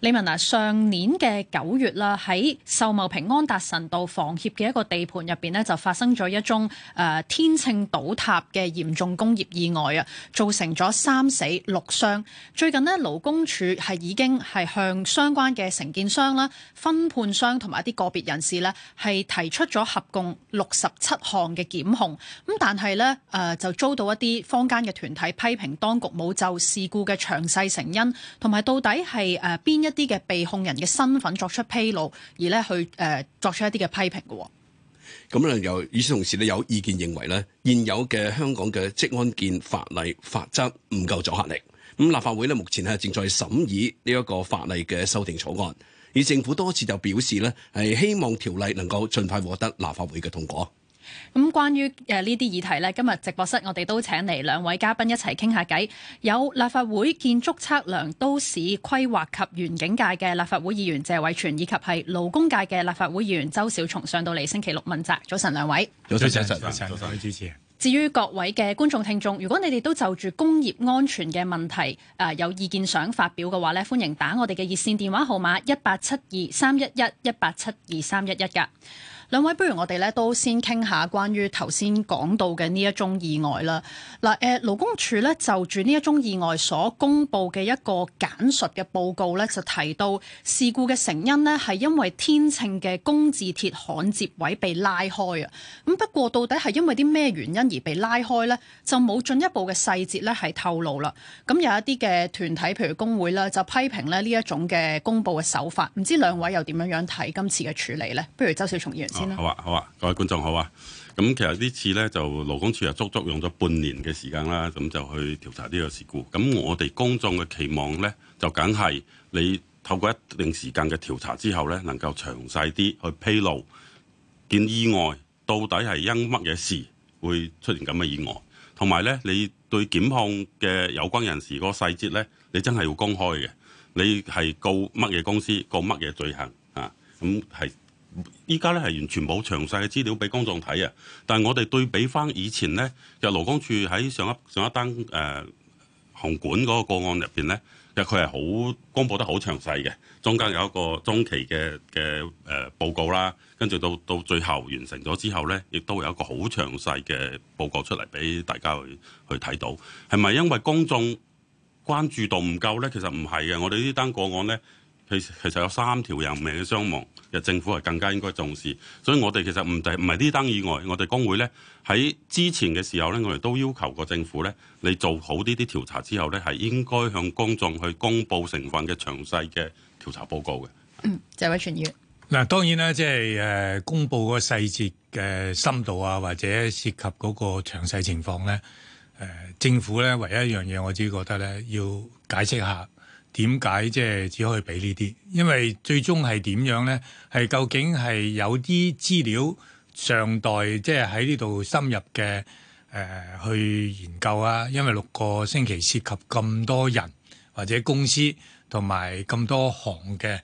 李文娜，上年嘅九月啦，喺秀茂坪安達臣道房協嘅一個地盤入邊咧，就發生咗一宗誒、呃、天秤倒塌嘅嚴重工業意外啊，造成咗三死六傷。最近咧，勞工處係已經係向相關嘅承建商啦、分判商同埋一啲個別人士咧，係提出咗合共六十七項嘅檢控。咁但係咧，誒、呃、就遭到一啲坊間嘅團體批評當局冇就事故嘅詳細成因同埋到底係誒邊。呃、一？一啲嘅被控人嘅身份作出披露，而咧去誒、呃、作出一啲嘅批評嘅、哦。咁咧又與此同時咧，有意見認為咧，現有嘅香港嘅職安健法例法則唔夠阻嚇力。咁立法會呢目前咧正在審議呢一個法例嘅修訂草案，而政府多次就表示呢，係希望條例能夠盡快獲得立法會嘅通過。咁關於誒呢啲議題咧今日直播室我哋都請嚟兩位嘉賓一齊傾下偈。有立法會建築測量都市規劃及園景界嘅立法會議員謝偉銓，以及係勞工界嘅立法會議員周小松上到嚟星期六問責。早晨，兩位。早晨，早晨早，早晨，主持人。至於各位嘅觀眾聽眾，如果你哋都就住工業安全嘅問題誒有意見想發表嘅話咧，歡迎打我哋嘅熱線電話號碼一八七二三一一一八七二三一一噶。兩位，不如我哋咧都先傾下關於頭先講到嘅呢一宗意外啦。嗱、呃，誒勞工處咧就住呢一宗意外所公布嘅一個簡述嘅報告咧，就提到事故嘅成因呢係因為天秤嘅工字鐵焊接位被拉開啊。咁不過到底係因為啲咩原因而被拉開呢？就冇進一步嘅細節咧係透露啦。咁有一啲嘅團體，譬如工會咧，就批評咧呢一種嘅公布嘅手法。唔知兩位又點樣睇今次嘅處理呢？不如周小松議員先。好，好啊，好啊，各位觀眾好啊！咁、嗯、其實呢次呢，就勞工處啊，足足用咗半年嘅時間啦，咁就去調查呢個事故。咁我哋公眾嘅期望呢，就梗係你透過一定時間嘅調查之後呢，能夠詳細啲去披露件意外到底係因乜嘢事會出現咁嘅意外，同埋呢，你對檢控嘅有關人士個細節呢，你真係要公開嘅。你係告乜嘢公司，告乜嘢罪行啊？咁係。依家咧係完全冇詳細嘅資料俾公眾睇啊！但係我哋對比翻以前呢，就勞工處喺上一上一單誒、呃、紅館嗰個個案入邊呢，其實佢係好公佈得好詳細嘅，中間有一個中期嘅嘅誒報告啦，跟住到到最後完成咗之後呢，亦都會有一個好詳細嘅報告出嚟俾大家去去睇到。係咪因為公眾關注度唔夠呢？其實唔係嘅，我哋呢單個案呢。其其實有三條人命嘅傷亡，其實政府係更加應該重視。所以我哋其實唔就唔係呢單意外，我哋工會呢，喺之前嘅時候呢，我哋都要求過政府呢，你做好呢啲調查之後呢，係應該向公眾去公布成分嘅詳細嘅調查報告嘅。嗯，謝偉銓議員。嗱當然啦，即係誒公佈個細節嘅深度啊，或者涉及嗰個詳細情況呢，政府呢，唯一一樣嘢，我只覺得呢，要解釋下。點解即係只可以俾呢啲？因為最終係點樣呢？係究竟係有啲資料尚待即係喺呢度深入嘅誒、呃、去研究啊？因為六個星期涉及咁多人或者公司同埋咁多行嘅誒、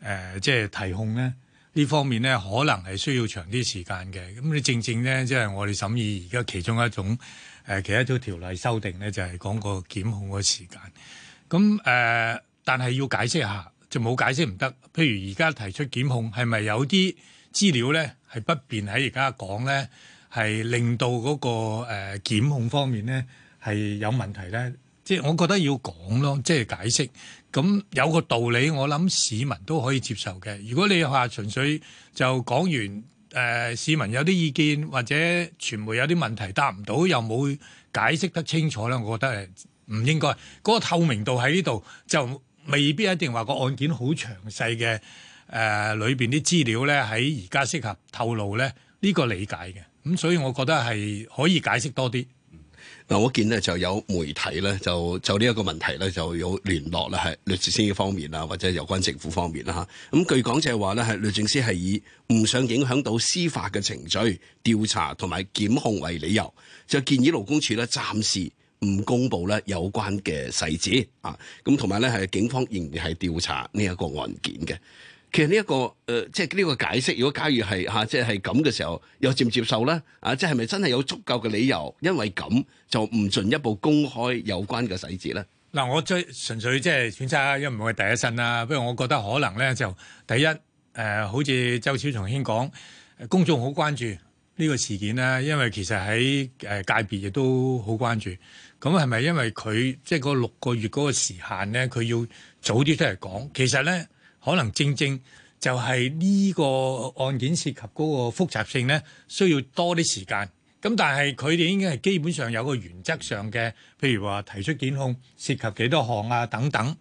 呃，即係提控呢，呢方面呢可能係需要長啲時間嘅。咁你正正呢，即、就、係、是、我哋審議而家其中一種誒、呃，其中一條條例修訂呢，就係講個檢控嘅時間。咁、呃、但係要解釋一下，就冇解釋唔得。譬如而家提出檢控，係咪有啲資料咧係不便喺而家講咧，係令到嗰個、呃、檢控方面咧係有問題咧？即係、嗯、我覺得要講咯，即係解釋。咁有個道理，我諗市民都可以接受嘅。如果你話純粹就講完、呃，市民有啲意見或者傳媒有啲問題答唔到，又冇解釋得清楚咧，我覺得唔應該，嗰個透明度喺呢度就未必一定話個案件好詳細嘅誒裏邊啲資料咧，喺而家適合透露咧？呢個理解嘅，咁所以我覺得係可以解釋多啲。嗱，嗯，我見咧就有媒體咧就就呢一個問題咧就有聯絡咧係律政司方面啊，或者有關政府方面啦。咁，啊，據講就係話咧係律政司係以唔想影響到司法嘅程序調查同埋檢控為理由，就建議勞工處咧暫時，唔公布咧有關嘅細節啊，咁同埋咧係警方仍然係調查呢一個案件嘅。其實呢、這、一個誒、呃，即係呢個解釋，如果假如係嚇，即係係咁嘅時候，又接唔接受咧？啊，即係咪真係有足夠嘅理由？因為咁就唔進一步公開有關嘅細節咧？嗱、呃，我最純粹即、就、係、是、選擇因為我係第一身啦。不過我覺得可能咧就第一誒、呃，好似周小松兄講，公眾好關注呢個事件咧，因為其實喺誒、呃、界別亦都好關注。咁係咪因為佢即係嗰六個月嗰個時限咧？佢要早啲出嚟講，其實咧可能正正就係呢個案件涉及嗰個複雜性咧，需要多啲時間。咁但係佢哋已經係基本上有個原則上嘅，譬如話提出檢控涉及幾多項啊等等。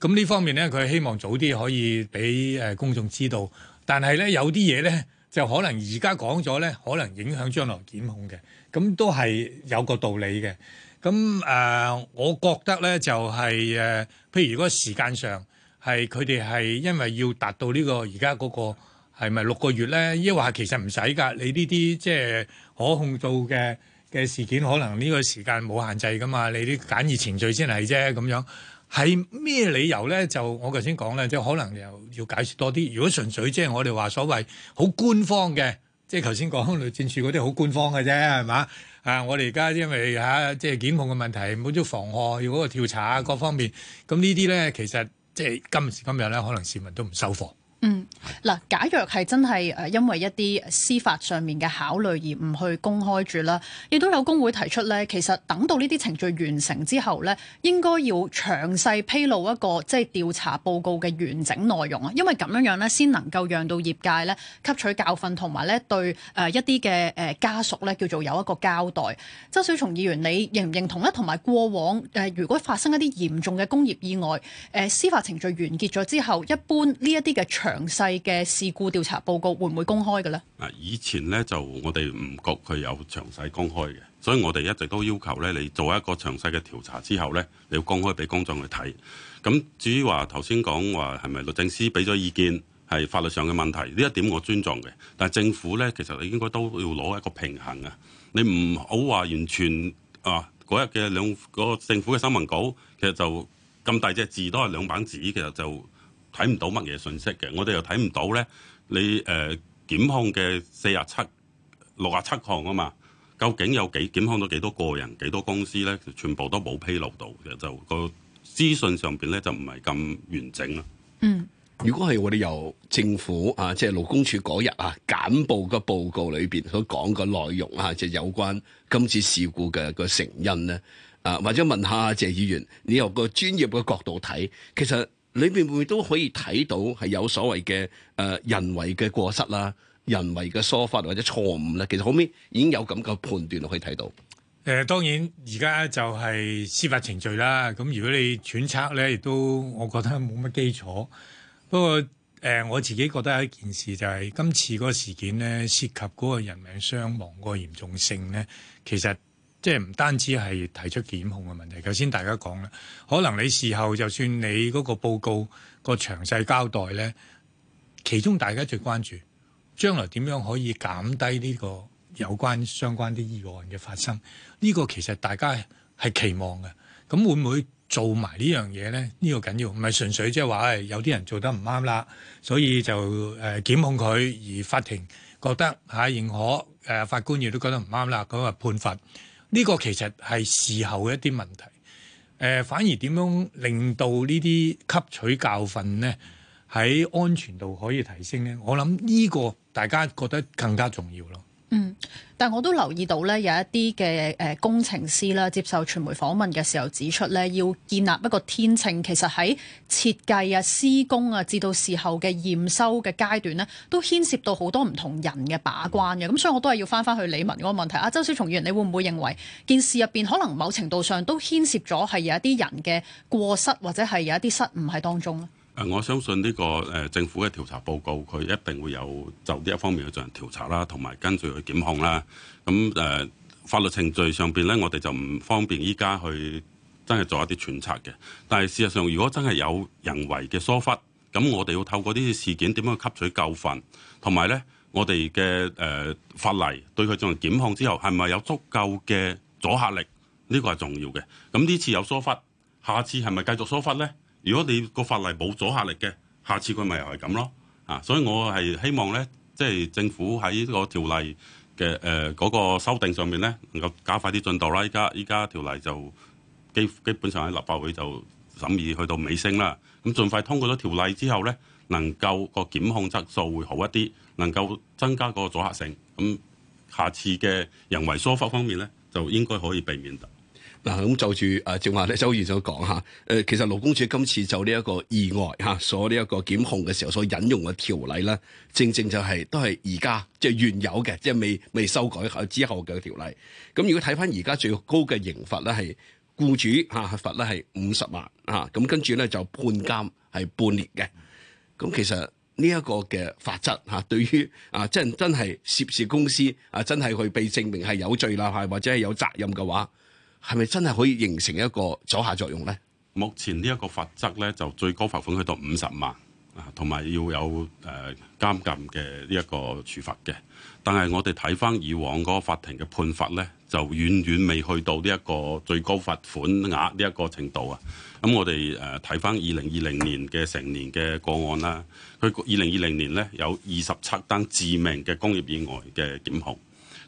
咁呢方面咧，佢希望早啲可以俾誒公眾知道。但係咧，有啲嘢咧就可能而家講咗咧，可能影響將來檢控嘅。咁都係有個道理嘅。咁誒、呃，我覺得咧就係、是、誒，譬如如果時間上係佢哋係因為要達到呢、這個而家嗰個係咪六個月咧？亦或其實唔使㗎？你呢啲即係可控到嘅嘅事件，可能呢個時間冇限制㗎嘛？你啲簡易程序先係啫咁樣。係咩理由咧？就我頭先講咧，即、就是、可能又要解釋多啲。如果純粹即係我哋話所謂好官方嘅，即係頭先講雷戰處嗰啲好官方嘅啫，係嘛？啊！我哋而家因為即係、啊吓、檢控嘅問題，滿足防禦，要嗰個調查啊，各方面咁呢啲咧，其實即係今時今日咧，可能市民都唔收貨。嗯，嗱，假若係真係誒，因為一啲司法上面嘅考慮而唔去公開住啦，亦都有工會提出咧，其實等到呢啲程序完成之後咧，應該要詳細披露一個即係調查報告嘅完整內容啊，因為咁樣樣咧，先能夠讓到業界咧吸取教訓，同埋咧對誒一啲嘅誒家屬咧叫做有一個交代。周小松議員，你認唔認同咧？同埋過往誒，如果發生一啲嚴重嘅工業意外，誒司法程序完結咗之後，一般呢一啲嘅長詳細嘅事故調查報告會唔會公開嘅咧？啊，以前咧就我哋唔覺佢有詳細公開嘅，所以我哋一直都要求咧，你做一個詳細嘅調查之後咧，你要公開俾公眾去睇。咁至於話頭先講話係咪律政司俾咗意見係法律上嘅問題呢一點我尊重嘅，但係政府咧其實你應該都要攞一個平衡，不要說啊，你唔好話完全啊嗰日嘅兩嗰個政府嘅新聞稿其實就咁大隻字都係兩版紙，其實就。睇唔到乜嘢信息嘅，我哋又睇唔到咧。你、呃、誒檢控嘅四十七、六十七項啊嘛，究竟有幾檢控到幾多個人、幾多公司咧？全部都冇披露到嘅，就個資訊上邊咧就唔係咁完整啦。嗯，如果係我哋由政府啊，即係勞工處嗰日啊，簡報嘅報告裏邊所講嘅內容啊，即係有關今次事故嘅個成因咧，啊或者問下謝議員，你由個專業嘅角度睇，其實。裏邊會都可以睇到係有所謂嘅誒人為嘅過失啦、人為嘅疏忽或者錯誤啦？其實後尾已經有咁嘅判斷可以睇到。誒、呃、當然而家就係司法程序啦。咁如果你揣測咧，亦都我覺得冇乜基礎。不過誒、呃，我自己覺得一件事就係、是、今次嗰個事件咧，涉及嗰個人命傷亡個嚴重性咧，其實。即係唔單止係提出檢控嘅問題，頭先大家講啦，可能你事後就算你嗰個報告個詳細交代咧，其中大家最關注將來點樣可以減低呢個有關相關啲意外嘅發生？呢、這個其實大家係期望嘅，咁會唔會做埋呢樣嘢咧？呢、這個緊要，唔係純粹即係話有啲人做得唔啱啦，所以就誒檢、呃、控佢，而法庭覺得嚇、哎、認可、呃、法官亦都覺得唔啱啦，嗰個判罰。呢個其實係事後一啲問題，呃，反而點樣令到呢啲吸取教訓呢，喺安全度可以提升呢？我諗呢個大家覺得更加重要咯。嗯，但係我都留意到咧，有一啲嘅、呃、工程師啦，接受傳媒訪問嘅時候指出咧，要建立一個天秤，其實喺設計啊、施工啊，至到事後嘅驗收嘅階段咧，都牽涉到好多唔同人嘅把關嘅。咁所以我都係要翻翻去李文嗰個問題啊。周小松議員，你會唔會認為件事入邊可能某程度上都牽涉咗係有一啲人嘅過失，或者係有一啲失誤喺當中咧？我相信呢個誒政府嘅調查報告，佢一定會有就呢一方面去進行調查啦，同埋跟住去檢控啦。咁、呃、誒法律程序上邊呢，我哋就唔方便依家去真係做一啲揣測嘅。但係事實上，如果真係有人為嘅疏忽，咁我哋要透過呢啲事件點樣吸取教訓，同埋呢我哋嘅誒法例對佢進行檢控之後，係咪有足夠嘅阻嚇力？呢個係重要嘅。咁呢次有疏忽，下次係咪繼續疏忽呢？如果你個法例冇阻嚇力嘅，下次佢咪又係咁咯啊！所以我係希望咧，即係政府喺個條例嘅誒嗰個修訂上面咧，能夠加快啲進度啦！依家依家條例就基基本上喺立法會就審議去到尾聲啦。咁盡快通過咗條例之後咧，能夠個檢控質素會好一啲，能夠增加個阻嚇性。咁下次嘅人為疏忽方面咧，就應該可以避免的。嗱，咁就住啊，正話咧，周議員所講吓，誒，其實勞工處今次就呢一個意外吓，所呢一個檢控嘅時候所引用嘅條例咧，正正就係、是、都係而家即係原有嘅，即係未未修改之後嘅條例。咁如果睇翻而家最高嘅刑罰咧，係雇主吓罰咧係五十萬啊，咁、啊、跟住咧就判監係半年嘅。咁其實呢一個嘅法則吓、啊，對於啊，真係涉事公司啊，真係去被證明係有罪啦，係、啊、或者係有責任嘅話。係咪真係可以形成一個阻嚇作用呢？目前呢一個罰則呢，就最高罰款去到五十萬啊，同埋要有誒監禁嘅呢一個處罰嘅。但係我哋睇翻以往嗰個法庭嘅判罰呢，就遠遠未去到呢一個最高罰款額呢一個程度啊。咁我哋誒睇翻二零二零年嘅成年嘅個案啦，佢二零二零年呢，有二十七單致命嘅工業意外嘅檢控。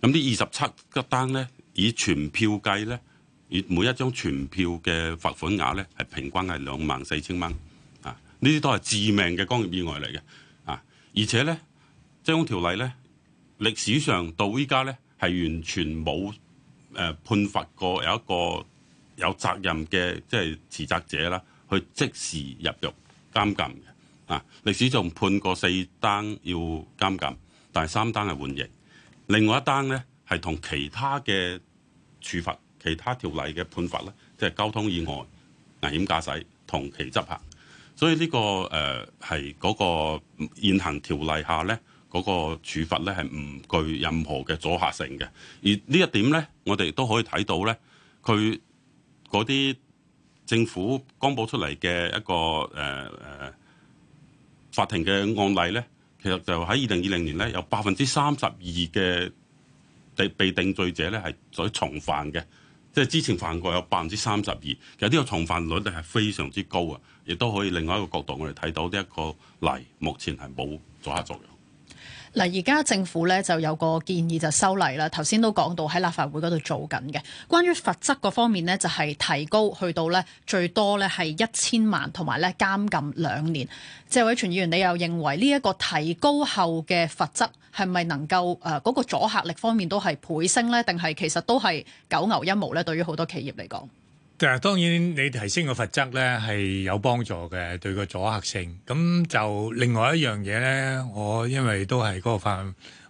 咁呢二十七個單呢，以全票計呢。每一張全票嘅罰款額咧，係平均係兩萬四千蚊。啊，呢啲都係致命嘅工業意外嚟嘅。啊，而且咧，呢張條例咧，歷史上到依家咧，係完全冇誒、呃、判罰過有一個有責任嘅即係持責者啦，去即時入獄監禁嘅。啊，歷史上判過四單要監禁，但係三單係緩刑，另外一單咧係同其他嘅處罰其他條例嘅判罰咧，即係交通意外、危險駕駛同期執行，所以呢、這個誒係嗰個現行條例下咧，嗰、那個處罰咧係唔具任何嘅阻嚇性嘅，而呢一點咧，我哋都可以睇到咧，佢嗰啲政府公布出嚟嘅一個誒誒、呃、法庭嘅案例咧，其實就喺二零二零年咧，有百分之三十二嘅被定罪者咧係在重犯嘅，即之前犯過有百分之三十二，其實呢個重犯率係非常之高啊，亦都可以從另外一個角度我哋睇到呢一個例，目前係冇阻嚇作用。嗱，而家政府咧就有個建議就修例啦。頭先都講到喺立法會嗰度做緊嘅，關於罰則嗰方面咧，就係提高去到咧最多咧係一千萬，同埋咧監禁兩年。謝偉銓議員，你又認為呢一個提高後嘅罰則係咪能夠誒嗰個阻嚇力方面都係倍升咧，定係其實都係九牛一毛咧？對於好多企業嚟講？當然，你提升個罰則呢係有幫助嘅，對個阻嚇性。咁就另外一樣嘢呢，我因為都係個法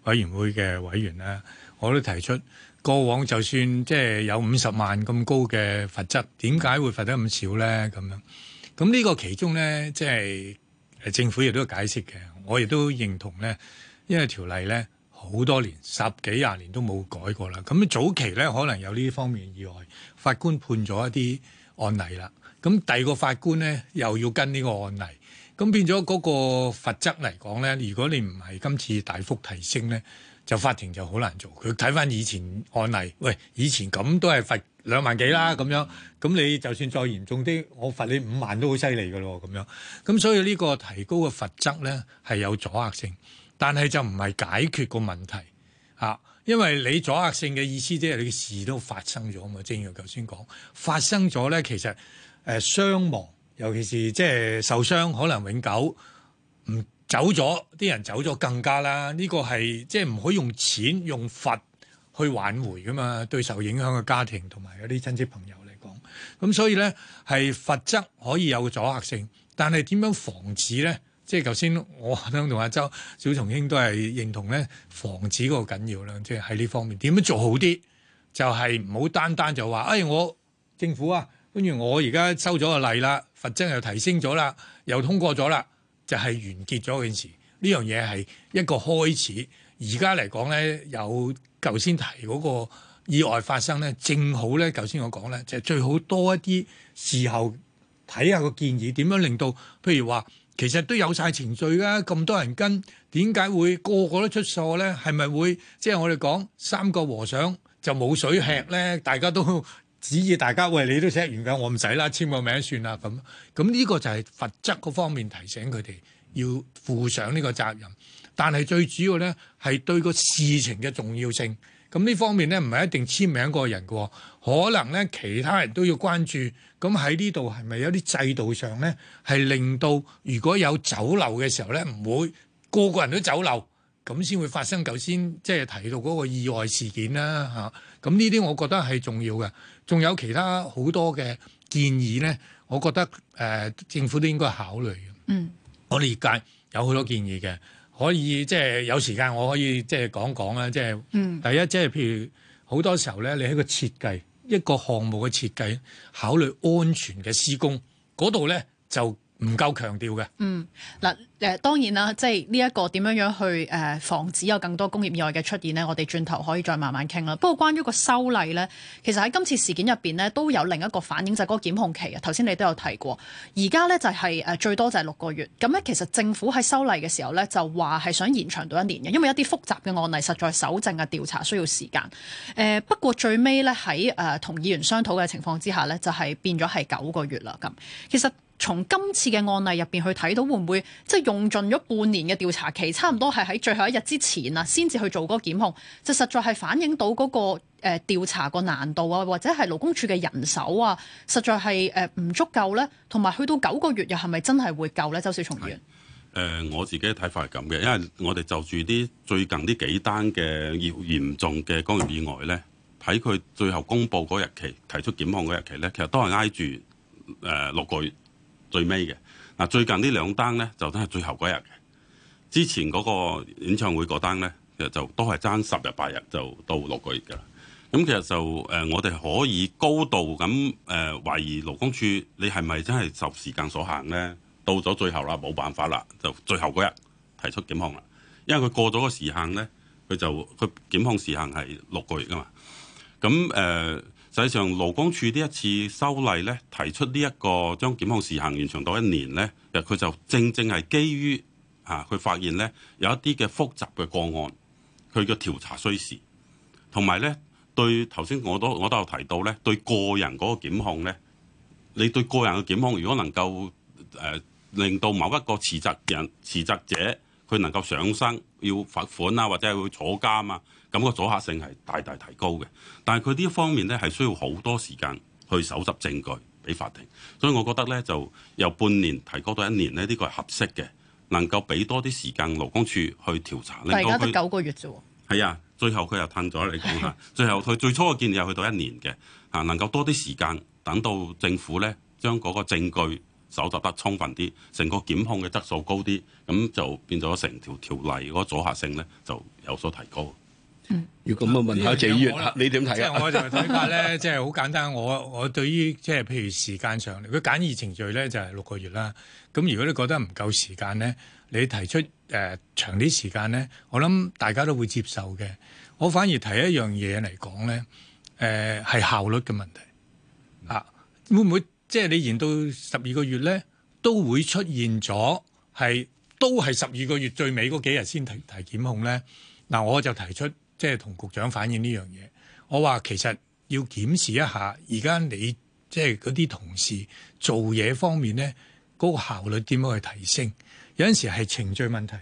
委員會嘅委員啦，我都提出過往就算即係有五十萬咁高嘅罰則，點解會罰得咁少呢？咁樣咁呢個其中呢，即係政府亦都有解釋嘅。我亦都認同呢，因為條例呢好多年十幾廿年都冇改過啦。咁早期呢，可能有呢方面意外。法官判咗一啲案例啦，咁第二個法官呢，又要跟呢個案例，咁變咗嗰個罰則嚟講呢，如果你唔係今次大幅提升呢，就法庭就好難做。佢睇返以前案例，喂，以前咁都係罰兩萬幾啦，咁樣，咁你就算再嚴重啲，我罰你五萬都好犀利嘅咯，咁樣。咁所以呢個提高嘅罰則呢，係有阻嚇性，但係就唔係解決個問題啊。因為你阻嚇性嘅意思即係你嘅事都發生咗啊嘛，正如我頭先講發生咗咧，其實誒呃、傷亡，尤其是即係受傷可能永久唔走咗，啲人走咗更加啦。呢個係即係唔可以用錢用罰去挽回噶嘛，對受影響嘅家庭同埋有啲親戚朋友嚟講，咁所以咧係罰則可以有阻嚇性，但係點樣防止咧？即係頭先，我聽同阿周、小松兄都係認同咧，防止個緊要啦，即係喺呢方面點樣做好啲，就係唔好單單就話，誒、哎、我政府啊，跟住我而家收咗個例啦，罰則又提升咗啦，又通過咗啦，就係、是、完結咗件事。呢樣嘢係一個開始。而家嚟講咧，有頭先提嗰個意外發生咧，正好咧，頭先我講咧，就是、最好多一啲事後睇下個建議，點樣令到譬如話。其實都有晒程序㗎，咁多人跟點解會個個都出錯呢？係咪會即係、就是、我哋講三個和尚就冇水吃呢？大家都指意大家喂，你都寫完㗎，我唔使啦，簽個名算啦咁。咁呢個就係罰則嗰方面提醒佢哋要負上呢個責任。但係最主要呢，係對個事情嘅重要性。咁呢方面呢，唔係一定簽名個人嘅，可能呢，其他人都要關注。咁喺呢度係咪有啲制度上咧，係令到如果有走漏嘅時候咧，唔會個個人都走漏，咁先會發生頭先即係提到嗰個意外事件啦、啊、吓，咁呢啲我覺得係重要嘅，仲有其他好多嘅建議咧，我覺得誒、呃、政府都應該考慮。嗯，我理解有好多建議嘅，可以即係、就是、有時間我可以即係講講啦，即、就、係、是就是、嗯，第一即係、就是、譬如好多時候咧，你喺個設計。一個項目嘅設計考慮安全嘅施工，嗰度咧就。唔夠強調嘅。嗯，嗱，誒當然啦，即係呢一個點樣樣去誒防止有更多工業意外嘅出現呢？我哋轉頭可以再慢慢傾啦。不過關於個修例咧，其實喺今次事件入邊咧都有另一個反映就係、是、嗰個檢控期啊。頭先你都有提過，而家咧就係、是、最多就係六個月。咁咧其實政府喺修例嘅時候咧就話係想延長到一年嘅，因為一啲複雜嘅案例實在搜證嘅調查需要時間。誒不過最尾咧喺同議員商討嘅情況之下咧，就係變咗係九個月啦。咁其實。從今次嘅案例入邊去睇到，會唔會即係用盡咗半年嘅調查期，差唔多係喺最後一日之前啊，先至去做嗰個檢控，就實在係反映到嗰、嗰個誒調、呃、查個難度啊，或者係勞工處嘅人手啊，實在係誒唔足夠咧。同埋去到九個月又係咪真係會夠咧？周小松議員，誒、呃，我自己嘅睇法係咁嘅，因為我哋就住啲最近幾的嚴的呢幾單嘅嚴嚴重嘅工業意外咧，睇佢最後公佈嗰日期、提出檢控嗰日期咧，其實都係挨住誒六個月。最尾嘅嗱，最近呢兩單呢，就都係最後嗰日嘅，之前嗰個演唱會嗰單咧，其實就都係爭十日八日就到六個月㗎喇。咁其實就誒，我哋可以高度咁誒懷疑勞工處你係咪真係受時間所限呢？到咗最後啦，冇辦法啦，就最後嗰日提出檢控啦，因為佢過咗個時限呢，佢就佢檢控時限係六個月噶嘛，咁誒。呃實際上勞工處呢一次修例咧，提出呢、這、一個將檢控時限延長到一年咧，其實佢就正正係基於啊，佢發現咧有一啲嘅複雜嘅個案，佢嘅調查需時，同埋咧對頭先我都我都有提到咧，對個人嗰個檢控咧，你對個人嘅檢控如果能夠誒、呃、令到某一個持責人持責者佢能夠上身要罰款啊，或者係會坐監嘛、啊。咁個阻嚇性係大大提高嘅，但係佢呢一方面咧係需要好多時間去搜集證據俾法庭，所以我覺得咧就由半年提高到一年咧，呢個係合適嘅，能夠俾多啲時間勞工處去調查，呢個係九個月啫。係啊，最後佢又褪咗你講下，最後佢最初嘅建議又去到一年嘅啊，能夠多啲時間等到政府咧將嗰個證據蒐集得充分啲，成個檢控嘅質素高啲，咁就變咗成條條例嗰個阻嚇性咧就有所提高。嗯、要咁嘅問下謝議員你點睇啊？就我就睇法咧，即係好簡單。我我對於即係譬如時間上，佢簡易程序咧就係六個月啦。咁如果你覺得唔夠時間咧，你提出誒、呃、長啲時間咧，我諗大家都會接受嘅。我反而提一樣嘢嚟講咧，誒、呃、係效率嘅問題啊？會唔會即係、就是、你延到十二個月咧，都會出現咗係都係十二個月最尾嗰幾日先提提檢控咧？嗱，我就提出。即係同局長反映呢樣嘢，我話其實要檢視一下，而家你即係嗰啲同事做嘢方面咧，嗰個效率點樣去提升？有陣時係程序問題，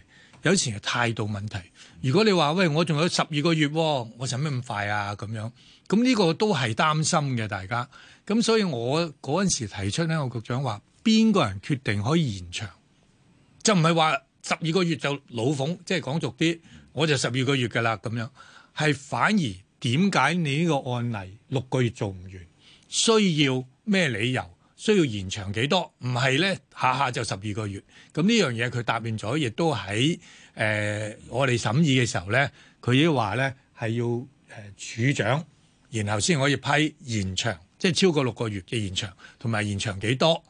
有時係態度問題。如果你話喂，我仲有十二個月，我使乜咁快啊？咁樣咁呢個都係擔心嘅，大家咁所以我嗰陣時提出咧，我局長話邊個人決定可以延長，就唔係話十二個月就老馮，即係講俗啲。我就十二個月㗎啦，咁樣係反而點解你呢個案例六個月做唔完？需要咩理由？需要延長幾多？唔係呢，下下就十二個月。咁呢樣嘢佢答應咗，亦都喺誒、呃、我哋審議嘅時候呢，佢都話呢係要誒處、呃、長，然後先可以批延長，即係超過六個月嘅延長，同埋延長幾多？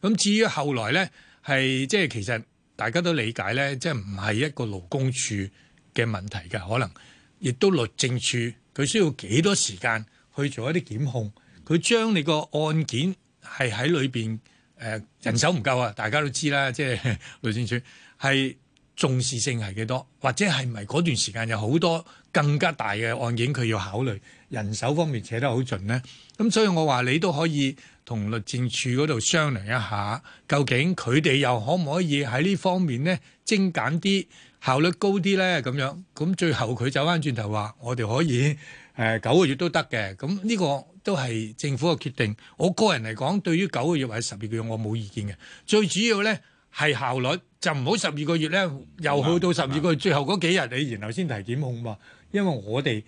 咁至於後來呢，係即係其實大家都理解呢，即係唔係一個勞工處。嘅問題嘅可能，亦都律政處佢需要幾多時間去做一啲檢控？佢將你個案件係喺裏邊誒人手唔夠啊！大家都知啦，即係律政處係重視性係幾多，或者係咪嗰段時間有好多更加大嘅案件佢要考慮人手方面扯得好盡呢？咁所以我話你都可以同律政處嗰度商量一下，究竟佢哋又可唔可以喺呢方面呢精簡啲？效率高啲呢，咁樣咁最後佢走翻轉頭話，我哋可以誒九個月都得嘅，咁呢個都係政府嘅決定。我個人嚟講，對於九個月或者十二個月，我冇意見嘅。最主要呢係效率，就唔好十二個月呢又去到十二個月，最後嗰幾日你然後先提檢控嘛。因為我哋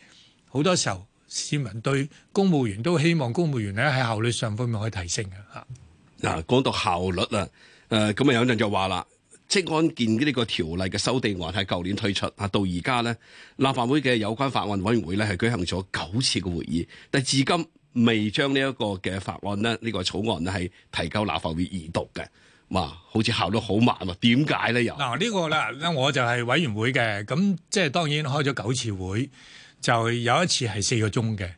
好多時候市民對公務員都希望公務員呢喺效率上方面可以提升嘅吓。嗱，講到效率啊，誒咁啊有陣就話啦。即職安健呢個條例嘅修訂案係舊年推出啊，到而家咧立法會嘅有關法案委員會咧係舉行咗九次嘅會議，但至今未將呢一個嘅法案咧呢、這個草案咧係提交立法會議讀嘅，哇，好似效率好慢喎？點解咧？又嗱，呢個咧，我就係委員會嘅，咁即係當然開咗九次會，就有一次係四個鐘嘅。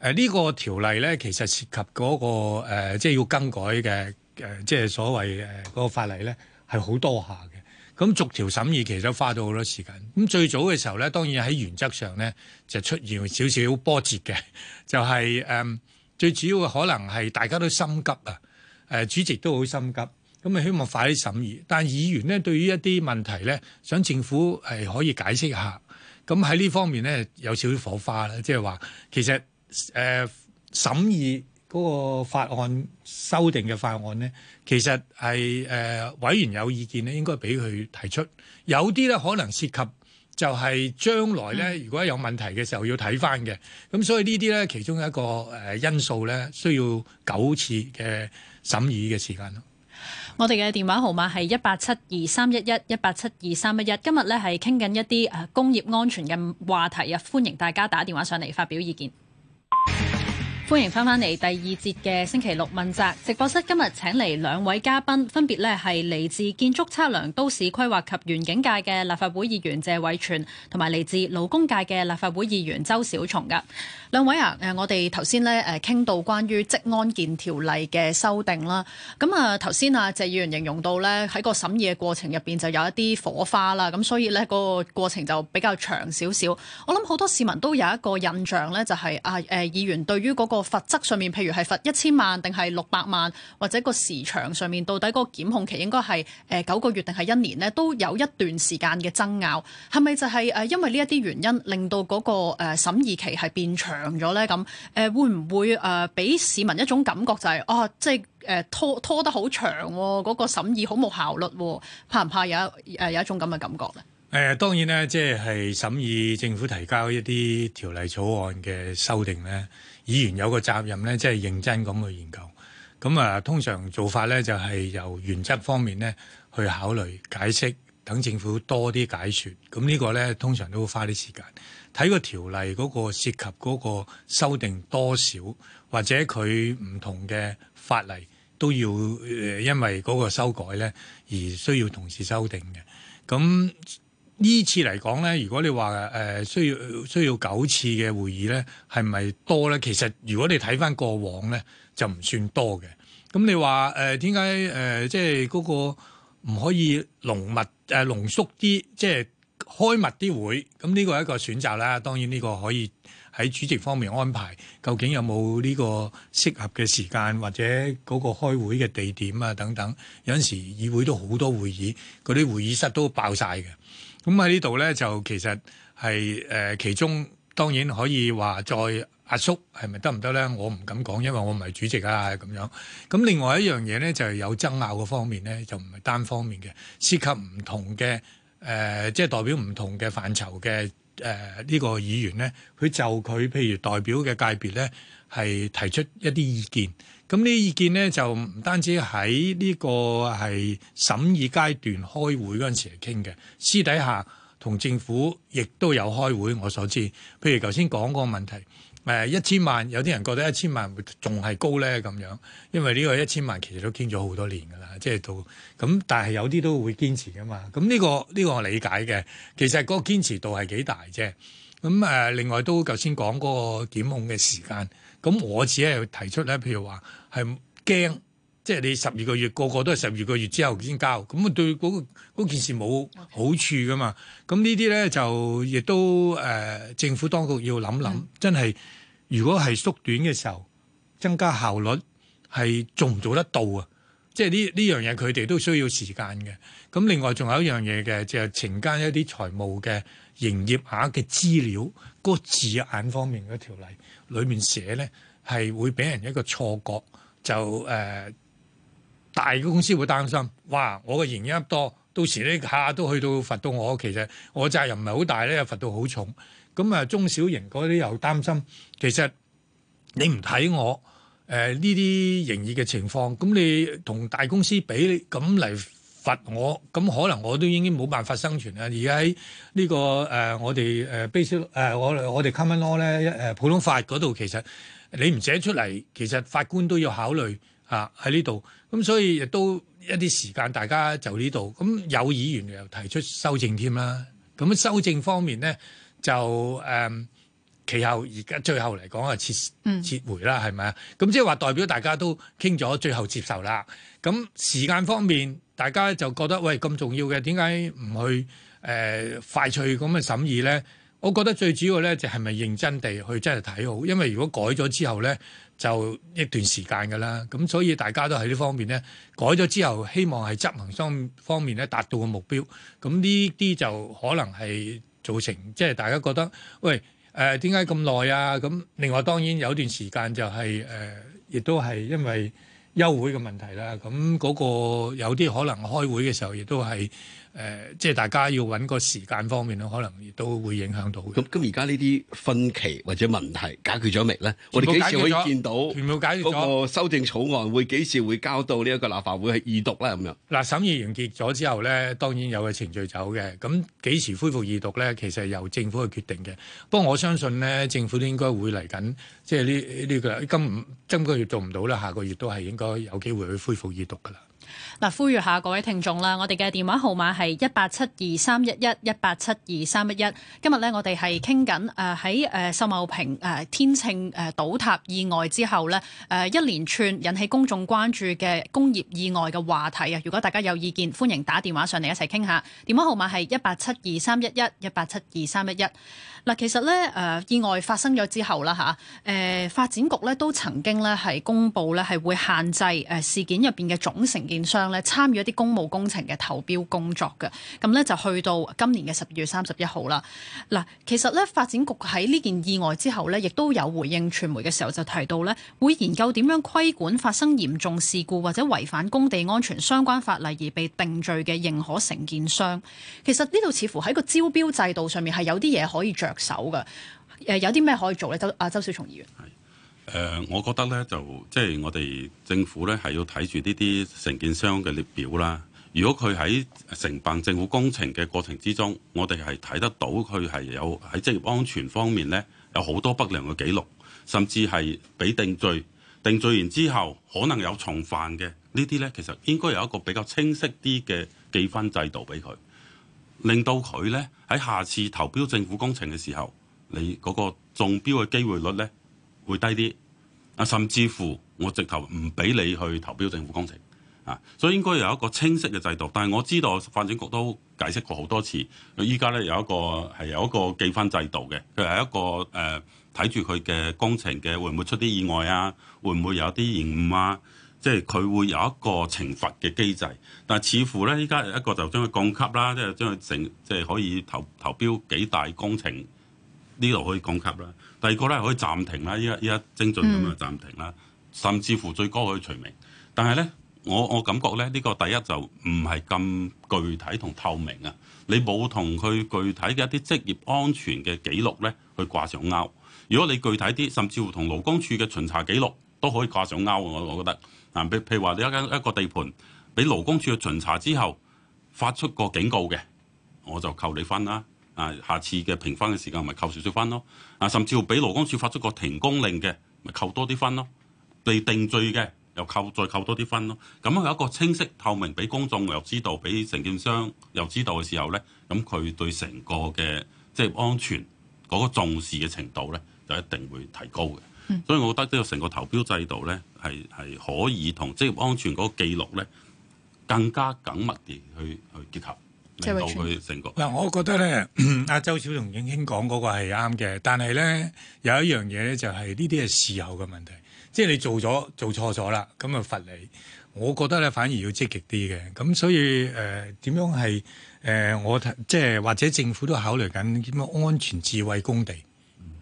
誒，呢個條例咧，其實涉及嗰、那個誒，即、呃、係、就是、要更改嘅，誒、呃，即、就、係、是、所謂誒嗰、呃那個法例咧。係好多下嘅，咁逐條審議其實都花咗好多時間。咁最早嘅時候咧，當然喺原則上咧就出現少少波折嘅，就係、是嗯、最主要嘅可能係大家都心急啊、呃，主席都好心急，咁啊希望快啲審議。但係議員咧對於一啲問題咧想政府係可以解釋下，咁喺呢方面咧有少少火花啦，即係話其實誒、呃、審議。嗰個法案修訂嘅法案呢，其實係誒、呃、委員有意見咧，應該俾佢提出。有啲呢，可能涉及，就係將來呢，如果有問題嘅時候要睇返嘅。咁所以呢啲呢，其中一個誒因素呢，需要九次嘅審議嘅時間咯。我哋嘅電話號碼係一八七二三一一一八七二三一一。今日呢，係傾緊一啲工業安全嘅話題啊，歡迎大家打電話上嚟發表意見。歡迎翻返嚟第二節嘅星期六問責直播室。今日請嚟兩位嘉賓，分別咧係嚟自建築測量、都市規劃及園景界嘅立法會議員謝偉銓，同埋嚟自勞工界嘅立法會議員周小松噶。兩位啊，誒，我哋頭先呢誒，傾到關於職安健條例嘅修訂啦。咁啊，頭先啊，謝議員形容到呢，喺個審議嘅過程入邊就有一啲火花啦。咁所以呢個過程就比較長少少。我諗好多市民都有一個印象呢，就係啊，誒，議員對於嗰、那個個罰則上面，譬如係罰一千萬，定係六百萬，或者個時長上面，到底個檢控期應該係誒九個月，定係一年呢？都有一段時間嘅爭拗。係咪就係誒因為呢一啲原因，令到嗰個誒審議期係變長咗呢？咁誒會唔會誒俾市民一種感覺就係，哦，即係拖拖得好長，嗰個審議好冇效率，怕唔怕有誒有一種咁嘅感覺呢？」誒，當然咧，即係審議政府提交一啲條例草案嘅修訂呢。議員有個責任咧，即係認真咁去研究。咁啊，通常做法咧就係由原則方面咧去考慮解釋，等政府多啲解說。咁呢個咧通常都會花啲時間睇個條例嗰個涉及嗰個修訂多少，或者佢唔同嘅法例都要誒，因為嗰個修改咧而需要同時修訂嘅。咁呢次嚟講咧，如果你話、呃、需要需要九次嘅會議咧，係咪多咧？其實如果你睇翻過往咧，就唔算多嘅。咁你話誒點解誒即係嗰個唔可以濃密誒濃縮啲，即係開密啲會？咁呢個係一個選擇啦。當然呢個可以喺主席方面安排。究竟有冇呢個適合嘅時間或者嗰個開會嘅地點啊等等？有陣時議會都好多會議，嗰啲會議室都爆晒嘅。咁喺呢度咧，就其實係、呃、其中當然可以話再壓縮係咪得唔得咧？我唔敢講，因為我唔係主席啊，係咁樣。咁另外一樣嘢咧，就係有爭拗嘅方面咧，就唔係單方面嘅，涉及唔同嘅呃、即係代表唔同嘅範疇嘅呢、呃呢個議員咧，佢就佢譬如代表嘅界別咧，係提出一啲意見。咁呢啲意見咧，就唔單止喺呢個係審議階段開會嗰陣時嚟傾嘅，私底下同政府亦都有開會。我所知，譬如頭先講嗰個問題，誒一千萬有啲人覺得一千萬仲係高咧，咁樣，因為呢個一千萬其實都傾咗好多年㗎啦，即係到咁，但係有啲都會堅持㗎嘛。咁呢個呢個我理解嘅，其實嗰個堅持度係幾大啫。咁誒，另外都頭先講嗰個檢控嘅時間。嗯咁我自己提出咧，譬如話係驚，即係、就是、你十二個月個個都係十二個月之後先交，咁對嗰、那個件事冇好處噶嘛。咁 Okay. 呢啲咧就亦都、呃、政府當局要諗諗，嗯、真係如果係縮短嘅時候，增加效率係做唔做得到啊？即係呢呢樣嘢佢哋都需要時間嘅。咁另外仲有一樣嘢嘅，就係澄清一啲財務嘅營業額嘅資料個字眼方面嘅條例。裏面寫咧係會俾人一個錯覺，就誒、呃、大嘅公司會擔心，哇！我嘅營業額多，到時啲下都去到罰到我，其實我責任唔係好大咧，又罰到好重。咁啊，中小型嗰啲又擔心，其實你唔睇我誒呢啲營業嘅情況，咁你同大公司比，咁嚟。罰我，咁可能我都已經冇辦法生存啦。而家喺呢個誒、呃，我哋誒 basic 誒，我我哋 common law 咧誒普通法嗰度，其實你唔寫出嚟，其實法官都要考慮啊喺呢度。咁所以亦都一啲時間，大家就呢度。咁有議員又提出修正添啦。咁修正方面咧，就誒。嗯其後而家最後嚟講係撤撤回啦，係咪啊？咁即係話代表大家都傾咗，最後接受啦。咁時間方面，大家就覺得喂咁重要嘅，點解唔去、呃、快脆咁嘅審議咧？我覺得最主要咧就係、是、咪認真地去真係睇好，因為如果改咗之後咧，就一段時間㗎啦。咁所以大家都喺呢方面咧改咗之後，希望係執行方方面咧達到個目標。咁呢啲就可能係造成即係、就是、大家覺得喂。誒點解咁耐啊？咁另外當然有段時間就係、是、誒，亦、呃、都係因為休會嘅問題啦。咁嗰個有啲可能開會嘅時候，亦都係。誒、呃，即係大家要揾個時間方面咧，可能亦都會影響到。咁咁而家呢啲分歧或者問題解決咗未咧？我哋幾時可以見到全部解決咗，嗰個修正草案會幾時會交到呢一個立法會去二讀咧？咁樣嗱，審議完結咗之後咧，當然有個程序走嘅。咁幾時恢復二讀咧？其實係由政府去決定嘅。不過我相信咧，政府應該會嚟緊，即係呢呢個今今個月做唔到啦，下個月都係應該有機會去恢復二讀噶啦。嗱，呼籲下各位聽眾啦！我哋嘅電話號碼係一八七二三一一一八七二三一一。今日咧，我哋係傾緊誒喺誒秀茂坪、呃、天秤、呃、倒塌意外之後咧、呃、一連串引起公眾關注嘅工業意外嘅話題啊！如果大家有意見，歡迎打電話上嚟一齊傾下。電話號碼係一八七二三一一一八七二三一一。嗱，其實咧，誒意外發生咗之後啦，嚇、呃，誒發展局咧都曾經咧係公布咧係會限制誒事件入邊嘅總承建商咧參與一啲公務工程嘅投標工作嘅。咁咧就去到今年嘅十二月三十一號啦。嗱，其實咧發展局喺呢件意外之後咧，亦都有回應傳媒嘅時候就提到咧會研究點樣規管發生嚴重事故或者違反工地安全相關法例而被定罪嘅認可承建商。其實呢度似乎喺個招標制度上面係有啲嘢可以著手嘅，誒、呃、有啲咩可以做咧？周啊，周小松議員，係誒、呃，我覺得咧就即係我哋政府咧係要睇住呢啲承建商嘅列表啦。如果佢喺承辦政府工程嘅過程之中，我哋係睇得到佢係有喺職業安全方面咧有好多不良嘅記錄，甚至係俾定罪。定罪完之後，可能有重犯嘅呢啲咧，其實應該有一個比較清晰啲嘅計分制度俾佢。令到佢咧喺下次投標政府工程嘅時候，你嗰個中標嘅機會率咧會低啲，啊甚至乎我直頭唔俾你去投標政府工程啊，所以應該有一個清晰嘅制度。但係我知道發展局都解釋過好多次，依家咧有一個係有一個記分制度嘅，佢係一個誒睇住佢嘅工程嘅會唔會出啲意外啊，會唔會有啲延誤啊？即係佢會有一個懲罰嘅機制，但係似乎呢，依家一個就將佢降級啦，即係將佢成即係可以投投標幾大工程呢度可以降級啦。第二個呢，可以暫停啦，依家依家精進咁樣暫停啦，甚至乎最高可以除名。但係呢，我我感覺呢，呢個第一就唔係咁具體同透明啊。你冇同佢具體嘅一啲職業安全嘅記錄呢去掛上鈎。如果你具體啲，甚至乎同勞工處嘅巡查記錄都可以掛上鈎啊，我覺得。嗱，譬如話，你一間一個地盤俾勞工處去巡查之後，發出個警告嘅，我就扣你分啦。啊，下次嘅評分嘅時間咪扣少少分咯。啊，甚至乎俾勞工處發出個停工令嘅，咪扣多啲分咯。被定罪嘅又扣，再扣多啲分咯。咁樣有一個清晰透明，俾公眾又知道，俾承建商又知道嘅時候咧，咁佢對成個嘅即係安全嗰個重視嘅程度咧，就一定會提高嘅。嗯、所以，我覺得呢個成個投標制度咧。係係可以同職業安全嗰個記錄咧更加緊密啲去去結合，令到佢成個嗱、呃，我覺得咧阿周小紅應興講嗰個係啱嘅，但係咧有一樣嘢咧就係呢啲係事後嘅問題，即係你做咗做錯咗啦，咁啊罰你。我覺得咧反而要積極啲嘅，咁所以誒點、呃、樣係誒、呃、我即係或者政府都考慮緊點樣安全智慧工地，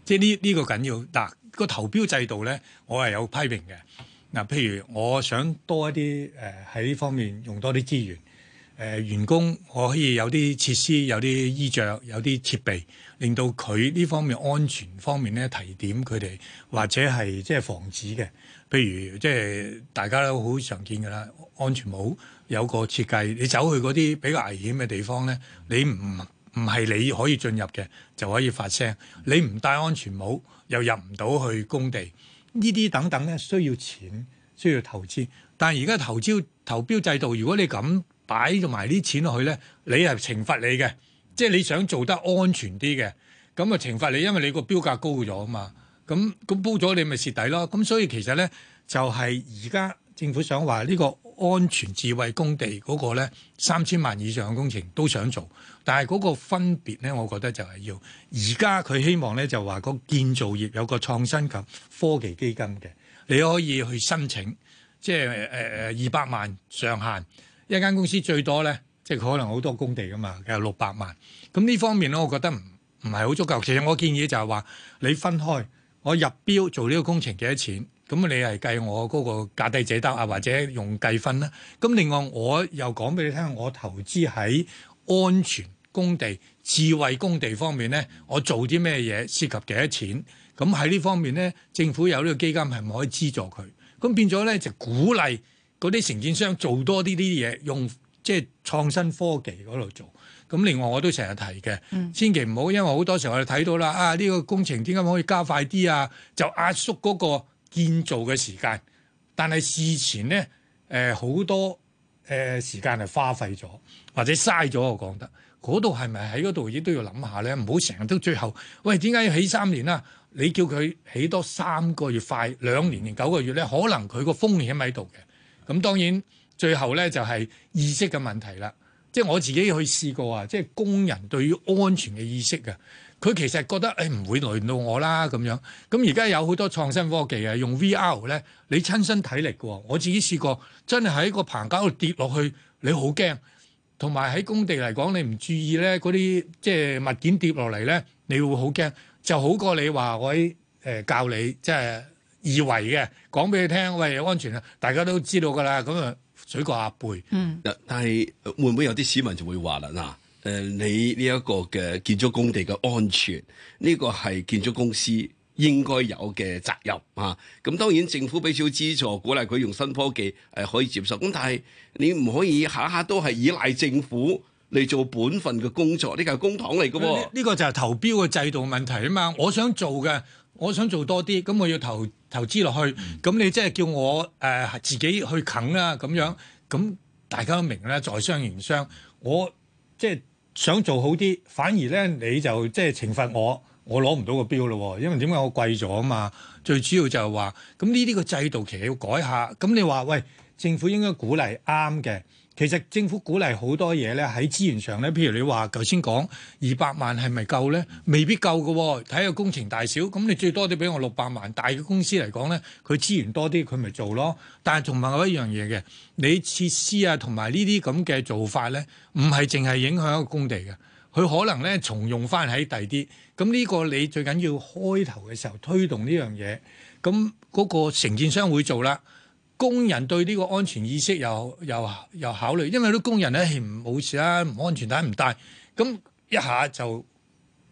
即係呢呢個緊要嗱個投標制度咧，我係有批評嘅。嗱，譬如我想多一啲誒喺呢方面用多啲資源，誒、呃、員工我可以有啲設施，有啲衣着、有啲設備，令到佢呢方面安全方面咧提點佢哋，或者係即係防止嘅。譬如即係大家都好常見㗎啦，安全帽有個設計，你走去嗰啲比較危險嘅地方咧，你唔唔係你可以進入嘅，就可以發聲。你唔戴安全帽又入唔到去工地。呢啲等等咧需要錢，需要投資。但係而家投招投標制度，如果你咁擺埋啲錢落去咧，你係懲罰你嘅，即係你想做得安全啲嘅，咁啊懲罰你，因為你個標價高咗啊嘛。咁咁煲咗你咪蝕底咯。咁所以其實咧就係而家。政府想話呢個安全智慧工地嗰個呢，三千萬以上嘅工程都想做，但係嗰個分別呢，我覺得就係要而家佢希望呢，就話個建造業有個創新及科技基金嘅，你可以去申請，即係二百萬上限，一間公司最多呢，即係可能好多工地噶嘛，係六百萬。咁呢方面呢，我覺得唔唔係好足夠。其實我建議就係話你分開，我入標做呢個工程幾多錢？咁你係計我嗰個價低者得啊，或者用計分啦啊。咁另外我又講俾你聽，我投資喺安全工地、智慧工地方面咧，我做啲咩嘢，涉及幾多錢？咁喺呢方面咧，政府有呢個基金係唔可以資助佢？咁變咗咧就鼓勵嗰啲承建商做多啲呢啲嘢，用即係、就是、創新科技嗰度做。咁另外我都成日提嘅，千祈唔好，因為好多時候我哋睇到啦啊，呢、呢個工程點解可以加快啲啊？就壓縮嗰、嗰個。建造嘅時間，但係事前呢，誒、呃、好多誒、呃、時間係花費咗，或者嘥咗，我講得嗰度係咪喺嗰度，亦都要諗下呢。唔好成日都最後，喂，點解要起三年啦？你叫佢起多三個月快，兩年零九個月呢？可能佢個風險喺度嘅。咁當然最後呢，就係、是、意識嘅問題啦，即係我自己去試過啊，即係工人對於安全嘅意識啊。佢其實覺得誒唔、哎、會輪到我啦咁樣，咁而家有好多創新科技啊，用 VR 咧，你親身體歷嘅。我自己試過，真係喺個棚架度跌落去，你好驚。同埋喺工地嚟講，你唔注意咧，嗰啲即係物件跌落嚟咧，你會好驚，就好過你話我喺、呃、教你即係二維嘅講俾你聽，喂安全啊，大家都知道㗎啦。咁啊，水過鴨背。嗯。但係會唔會有啲市民就會話啦嗱？誒、呃，你呢一個嘅建築工地嘅安全，呢、這個係建築公司應該有嘅責任啊！咁當然政府俾少少資助，鼓勵佢用新科技，誒、呃、可以接受。咁但係你唔可以下下都係依賴政府嚟做本份嘅工作，呢個係公帑嚟嘅喎。呢、啊這個就係投標嘅制度問題啊嘛！我想做嘅，我想做多啲，咁我要投投資落去，咁你即係叫我誒、呃、自己去啃啦、啊。咁樣，咁大家都明啦，在商言商，我即係。想做好啲，反而咧你就即係懲罰我，我攞唔到個標咯喎，因為點解我貴咗啊嘛？最主要就係話，咁呢啲個制度其實要改下。咁你話喂，政府應該鼓勵啱嘅。其實政府鼓勵好多嘢咧，喺資源上咧，譬如你話頭先講二百萬係咪夠咧？未必夠嘅喎，睇下工程大小。咁你最多啲俾我六百萬，大嘅公司嚟講咧，佢資源多啲，佢咪做咯。但係同埋有一樣嘢嘅，你設施啊，同埋呢啲咁嘅做法咧，唔係淨係影響一個工地嘅，佢可能咧重用翻喺第啲。咁呢個你最緊要開頭嘅時候推動呢樣嘢，咁嗰個承建商會做啦。工人對呢個安全意識又又又考慮，因為啲工人咧係唔冇事啦，唔安全帶唔帶，咁一下就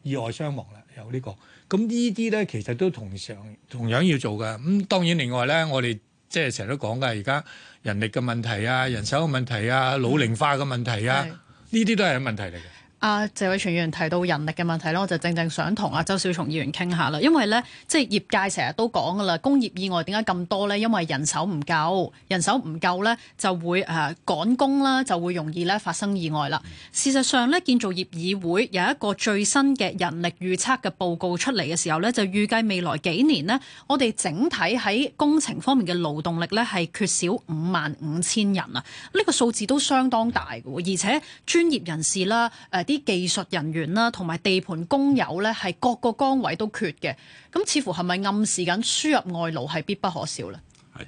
意外傷亡啦。有呢個，咁呢啲咧其實都同上同樣要做嘅。咁當然另外咧，我哋即係成日都講㗎，而家人力嘅問題啊，人手嘅問題啊，老齡化嘅問題啊，呢啲的都係問題嚟嘅。阿、啊、謝偉全議員提到人力嘅問題，我就正正想同阿周小松議員傾下啦。因為呢即係業界成日都講噶啦，工業意外點解咁多呢？因為人手唔夠，人手唔夠呢就會誒、呃、趕工啦，就會容易咧發生意外啦。事實上呢建造業議會有一個最新嘅人力預測嘅報告出嚟嘅時候呢，就預計未來幾年呢，我哋整體喺工程方面嘅勞動力呢係缺少五萬五千人啊！呢、這個數字都相當大嘅，而且專業人士啦，呃啲技術人員啦，同埋地盤工友咧，係各個崗位都缺嘅。咁似乎係咪暗示緊輸入外勞係必不可少咧？係誒、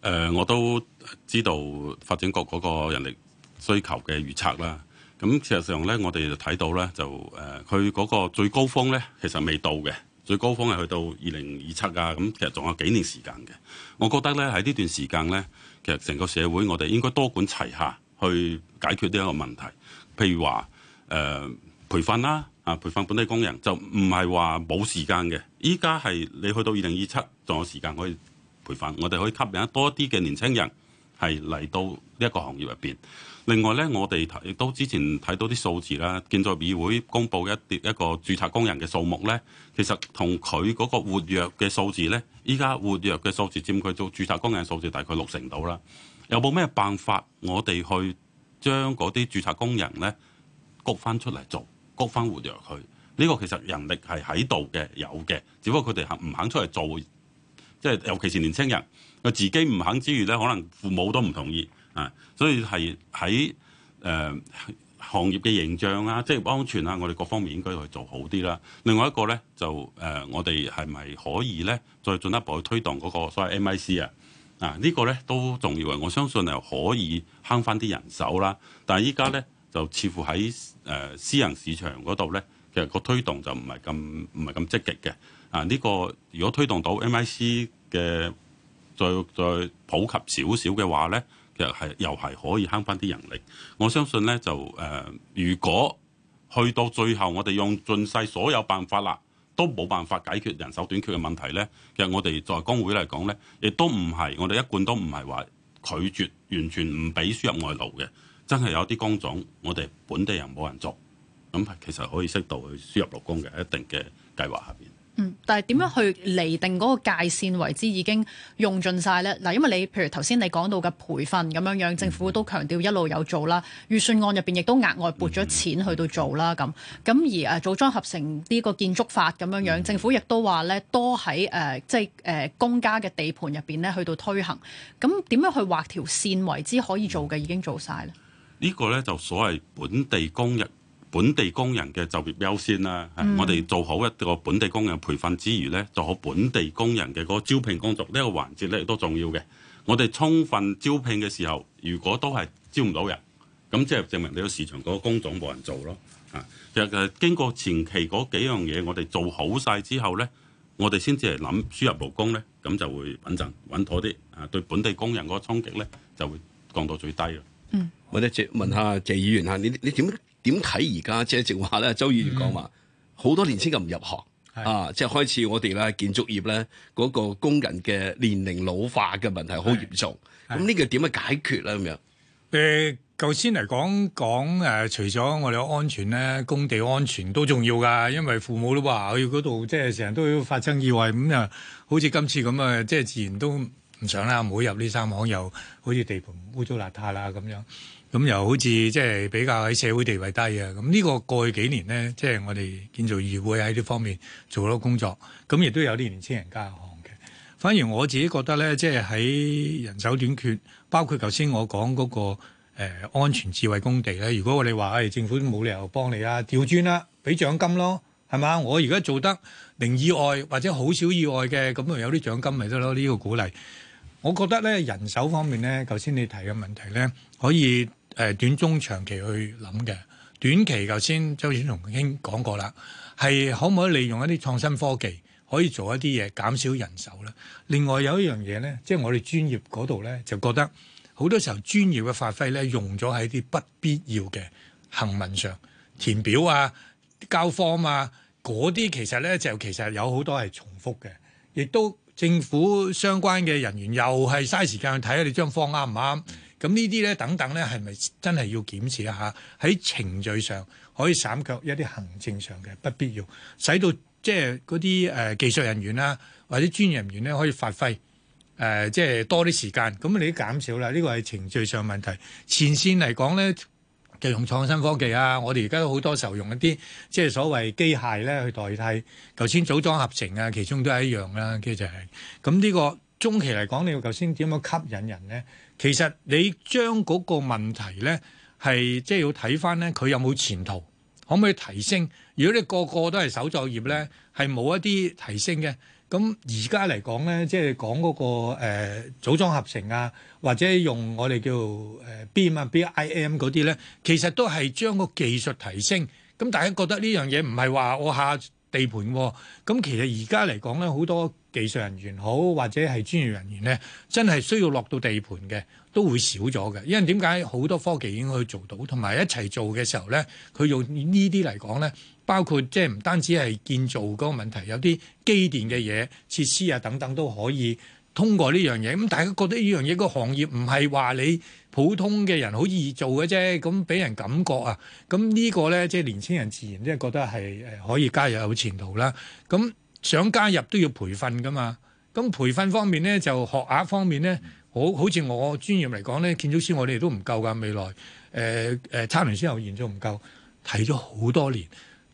呃，我都知道發展局嗰個人力需求嘅預測啦。咁事實上咧，我哋就睇到咧，就誒，佢嗰個最高峰咧，其實未到嘅。最高峰係去到二零二七啊。咁其實仲有幾年時間嘅。我覺得咧喺呢段時間咧，其實成個社會我哋應該多管齊下去解決呢一個問題，譬如話。誒、呃、培訓啦，啊培訓本地工人就唔係話冇時間嘅。依家係你去到二零二七仲有時間可以培訓，我哋可以吸引多啲嘅年青人係嚟到呢一個行業入邊。另外呢，我哋亦都之前睇到啲數字啦，建造議會公布一啲一個註冊工人嘅數目呢，其實同佢嗰個活躍嘅數字呢，依家活躍嘅數字佔佢做註冊工人數字大概六成到啦。有冇咩辦法我哋去將嗰啲註冊工人呢？谷翻出嚟做，谷翻活躍佢。呢、這個其實人力係喺度嘅，有嘅。只不過佢哋肯唔肯出嚟做？即係尤其是年青人，佢自己唔肯之餘咧，可能父母都唔同意啊。所以係喺誒行業嘅形象啊，即係安全啊，我哋各方面應該去做好啲啦。另外一個咧，就誒、呃、我哋係咪可以咧，再進一步去推動嗰、那個所謂 MIC 啊？啊、這個、呢個咧都很重要，我相信又可以慳翻啲人手啦。但係依家咧。就似乎喺誒、呃、私人市場嗰度呢，其實個推動就唔係咁，唔係咁積極嘅。啊，呢、這個如果推動到 MIC 嘅再再普及少少嘅話呢，其實係又係可以慳返啲人力。我相信呢，就誒、呃，如果去到最後我哋用盡晒所有辦法啦，都冇辦法解決人手短缺嘅問題呢，其實我哋作為工會嚟講呢，亦都唔係，我哋一貫都唔係話拒絕完全唔俾輸入外勞嘅。真係有啲工種，我哋本地人冇人做，咁其實可以適度去輸入勞工嘅一定嘅計劃下面，嗯，但係點樣去釐定嗰個界線為之已經用盡晒呢？嗱，因為你譬如頭先你講到嘅培訓咁樣樣，政府都強調一路有做啦，預算案入面亦都額外撥咗錢去到做啦，咁咁而誒組裝合成呢個建築法咁樣樣，政府亦都話呢，多喺即係誒公家嘅地盤入面呢去到推行。咁點樣去劃條線為之可以做嘅已經做晒咧？呢個呢，就所謂本地工人、本地工人嘅就業優先啦、嗯。我哋做好一個本地工人培訓之餘呢，做好本地工人嘅嗰個招聘工作，呢、呢個環節呢，亦都重要嘅。我哋充分招聘嘅時候，如果都係招唔到人，咁即係證明你個市場嗰個工種冇人做咯。啊，其實經過前期嗰幾樣嘢，我哋做好晒之後呢，我哋先至係諗輸入勞工呢，咁就會穩陣、穩妥啲。啊，對本地工人嗰個衝擊呢就會降到最低。嗯，或者借問下謝議員吓，你你點點睇，而家即係話咧？周議員講話好多年青人唔入行，是的啊，即係開始我哋啦，建築業咧嗰個工人嘅年齡老化嘅問題好嚴重，咁呢的個點去解決咧？咁樣誒，頭、呃、先嚟講講誒，除咗我哋安全咧，工地安全都重要噶，因為父母都話去嗰度即係成日都要發生意外，咁啊，好似今次咁啊，即係自然都。唔想啦，唔好入呢三行，又好似地盤污糟邋遢啦咁樣，咁又好似即係比較喺社會地位低啊。咁呢個過去幾年呢，即係我哋建造議會喺呢方面做咗工作，咁亦都有啲年青人加入行嘅。反而我自己覺得呢，即係喺人手短缺，包括頭先我講嗰個安全智慧工地咧。如果我哋話政府冇理由幫你啦，調轉啦，俾獎金咯，係嘛？我而家做得零意外或者好少意外嘅，咁有啲獎金咪得咯，呢個鼓勵。我覺得咧人手方面咧，頭先你提嘅問題咧，可以誒短中長期去諗嘅。短期頭先周先生已經講過啦，係可唔可以利用一啲創新科技，可以做一啲嘢減少人手咧？另外有一樣嘢咧，即係我哋專業嗰度咧，就覺得好多時候專業嘅發揮咧，用咗喺啲不必要嘅行文上填表啊、交科啊嗰啲，那些其實咧就其實有好多係重複嘅，亦都。政府相關嘅人員又係嘥時間去睇下你張方啱唔啱？咁呢啲咧等等咧，係咪真係要檢視一下？喺程序上可以省卻一啲行政上嘅不必要，使到即係嗰啲呃、技術人員啦，或者專業人員咧可以發揮、呃、即係多啲時間。咁你都減少啦，呢、這個係程序上問題。前線嚟講咧。就用創新科技啊！我哋而家都好多時候用一啲即係所謂機械咧去代替，頭先組裝合成啊，其中都係一樣啦、啊。其實係咁呢個中期嚟講，你要頭先點樣吸引人咧？其實你將嗰個問題咧係即係要睇翻咧，佢有冇前途，可唔可以提升？如果你個個都係手作業咧，係冇一啲提升嘅。咁而家嚟講咧，即係講嗰個誒、呃、組裝合成啊，或者用我哋叫誒 BIM 啊、BIM 嗰啲咧，其實都係將個技術提升。咁大家覺得呢樣嘢唔係話我下地盤喎、啊。咁其實而家嚟講咧，好多技術人員好，或者係專業人員咧，真係需要落到地盤嘅都會少咗嘅。因為點解好多科技已經可以做到，同埋一齊做嘅時候咧，佢用呢啲嚟講咧。包括即係唔單止係建造嗰個問題，有啲機電嘅嘢、設施啊等等都可以通過呢樣嘢。咁大家覺得呢樣嘢個行業唔係話你普通嘅人好易做嘅啫，咁俾人感覺啊。咁呢個呢，即係年輕人自然即係覺得係誒可以加入有前途啦。咁想加入都要培訓噶嘛。咁培訓方面呢，就學額方面呢，好好似我專業嚟講呢，建築師我哋都唔夠㗎。未來誒誒測量師後延續唔夠，睇咗好多年。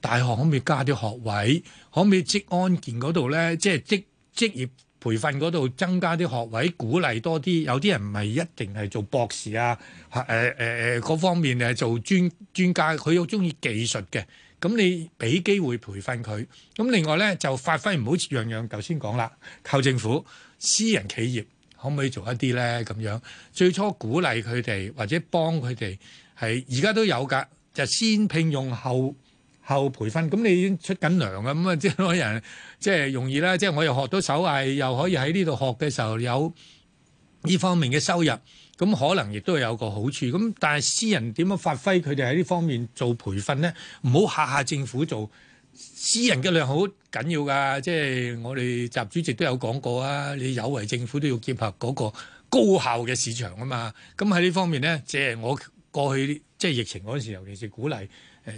大學可唔可以加啲學位？可唔可以職安健嗰度咧，即係職職業培訓嗰度增加啲學位，鼓勵多啲。有啲人唔係一定係做博士啊，誒誒誒嗰方面誒做專專家，佢好中意技術嘅，咁你俾機會培訓佢。咁另外咧就發揮唔好似樣樣，頭先講啦，靠政府、私人企業可唔可以做一啲咧咁樣？最初鼓勵佢哋或者幫佢哋係而家都有㗎，就先聘用後後培訓咁你已經出緊糧嘅咁啊，即係嗰啲人即係容易啦。即係我又學到手藝，又可以喺呢度學嘅時候有呢方面嘅收入，咁可能亦都有個好處。咁但係私人點樣發揮佢哋喺呢方面做培訓咧？唔好下下政府做私人嘅量好緊要㗎。即係我哋習主席都有講過啊。你有為政府都要結合嗰個高效嘅市場啊嘛。咁喺呢方面咧，即係我過去即係疫情嗰陣時，尤其是鼓勵誒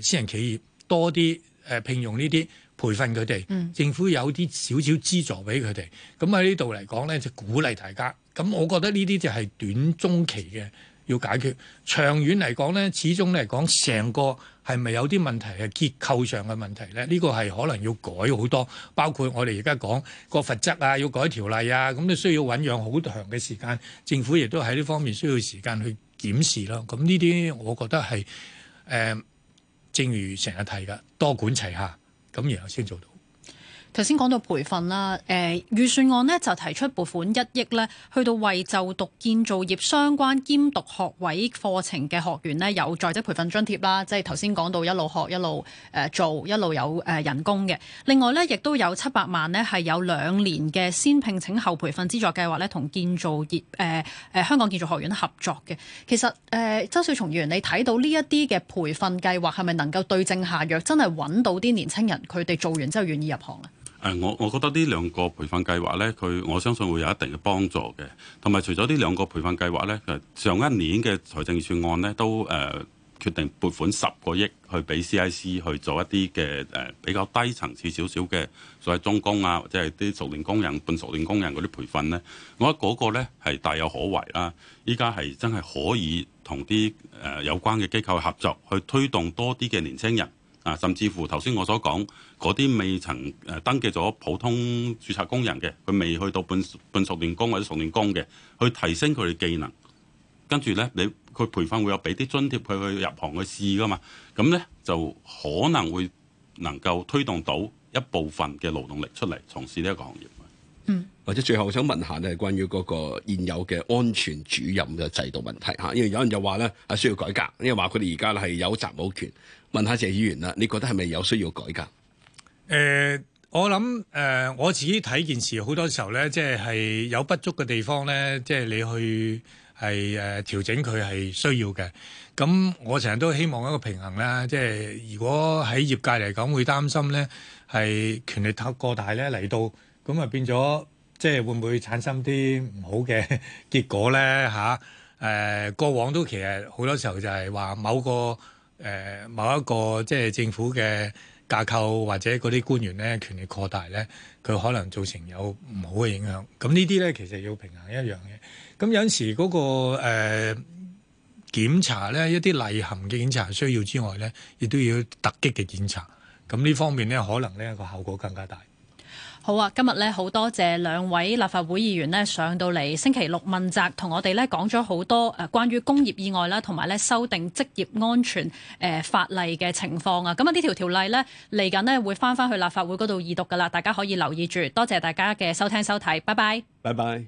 私人企業。多啲誒、呃、聘用呢啲培訓佢哋，嗯、政府有啲少少資助俾佢哋。咁喺呢度嚟講呢，就鼓勵大家。咁我覺得呢啲就係短中期嘅，要解決長遠嚟講呢，始終嚟講成個係咪有啲問題，係結構上嘅問題呢，呢、呢個係可能要改好多，包括我哋而家講個罰則啊，要改條例啊，咁你需要醞釀好長嘅時間。政府亦都喺呢方面需要時間去檢視咯。咁呢啲我覺得係正如成日提嘅，多管齊下，咁然後先做到。頭先講到培訓啦，誒、呃、預算案呢就提出撥款一億呢去到為就讀建造業相關兼讀學位課程嘅學員呢，有在職培訓津貼啦，即係頭先講到一路學一路、呃、做一路有人工嘅。另外呢，亦都有七百萬呢係有兩年嘅先聘請後培訓資助計劃呢同建造業誒、呃、香港建造學院合作嘅。其實、呃、周小松議員，你睇到呢一啲嘅培訓計劃係咪能夠對症下藥，真係揾到啲年輕人佢哋做完之後願意入行咧？誒，我我覺得呢兩個培訓計劃呢，佢我相信會有一定嘅幫助嘅。同埋，除咗呢兩個培訓計劃呢，上一年嘅財政預算案呢，都誒、呃、決定撥款十個億去俾 CIC 去做一啲嘅誒比較低層次少少嘅，所謂中工啊，或者係啲熟練工人、半熟練工人嗰啲培訓呢。我覺得嗰個呢係大有可為啦、啊。依家係真係可以同啲誒有關嘅機構合作，去推動多啲嘅年輕人。啊，甚至乎頭先我所講嗰啲未曾誒登記咗普通註冊工人嘅，佢未去到半半熟練工或者熟練工嘅，去提升佢嘅技能，跟住咧，你佢培訓會有俾啲津貼佢去入行去試噶嘛，咁咧就可能會能夠推動到一部分嘅勞動力出嚟從事呢一個行業。嗯，或者最後我想問下咧，關於嗰個現有嘅安全主任嘅制度問題嚇，因為有人就話咧，啊需要改革，因為話佢哋而家係有責冇權。問下謝議員啦，你覺得係咪有需要改革？誒、呃，我諗誒、呃，我自己睇件事好多時候咧，即係有不足嘅地方咧，即係你去係誒、呃、調整佢係需要嘅。咁我成日都希望一個平衡啦。即係如果喺業界嚟講會擔心咧，係權力太過大咧嚟到。咁啊變咗，即、就、係、是、會唔會產生啲唔好嘅結果咧？嚇、啊，誒過往都其實好多時候就係話某個誒、呃、某一個即係政府嘅架構或者嗰啲官員咧權力擴大咧，佢可能造成有唔好嘅影響。咁、嗯、呢啲咧其實要平衡一樣嘢。咁有陣時嗰、那個誒、呃、檢查咧，一啲例行嘅檢查需要之外咧，亦都要突擊嘅檢查。咁呢方面咧，可能咧個效果更加大。好啊，今日咧好多謝兩位立法會議員咧上到嚟，星期六問責同我哋咧講咗好多誒關於工業意外啦，同埋咧修訂職業安全、呃、法例嘅情況啊。咁啊，呢條條例咧嚟緊呢會返返去立法會嗰度二讀㗎喇，大家可以留意住。多謝大家嘅收聽收睇，拜拜，拜拜。